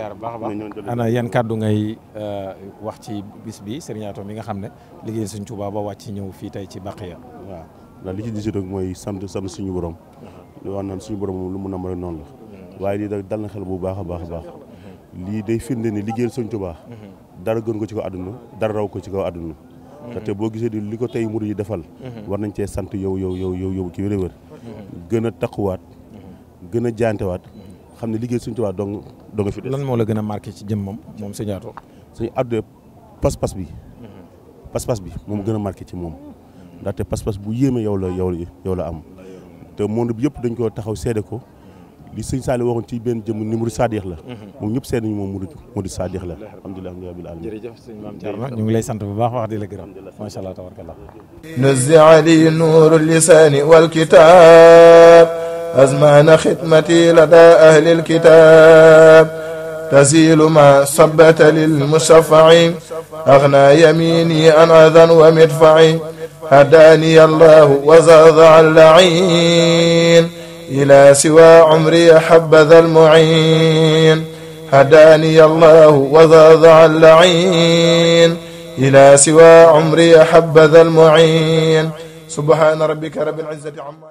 siyaar bu a baax ana yan kàddu ngay wax ci bis bi Serigne Ato mi nga xam ne liggéey suñ Tuubaa ba ci ñëw fii tey ci Baqiya waaw ndax li ci disit rek mooy sant sant suñu borom lu wax naan suñu borom lu mu nam rek noonu la waaye lii nag dal na xel bu baax a baax a baax lii day firnde ni liggéeyal suñ Tuubaa dara gën ko ci kaw àdduna dara raw ko ci kaw àdduna te boo gisee di li ko tey murid yi defal war nañ cee sant yow yow yow yow yow ci wér-wér gën a waat gën a jaantewaat xam ne liggéey suñu tubaab dong dong fi des. lan moo la gën a marqué ci jëmmam moom sëñ Atou. suñu àddee pas-pas bi. Mm-hmm. pas bi moom gën a marqué ci moom ndaxte pas bu yéeme yow la yow la am te monde bi yëpp dañ ko taxaw seede ko li sëñ Saliou waxoon ci benn jëmm ni Mouride Sadikh la. Mm-hmm. moom ñëpp seede nañu moom Mouride Mouride Sadikh la. ñu ngi lay sant bu baax wax di la gërëm macha allah tabaraka allah. nuzzi ali nuuru lisaani wal أزمان خدمتي لدى أهل الكتاب تزيل ما صبت للمشفع أغنى يميني عن أذى ومدفع هداني الله وزاد اللعين إلى سوى عمري حبذا المعين هداني الله وزاد اللعين إلى سوى عمري حبذا المعين سبحان ربك رب العزة عما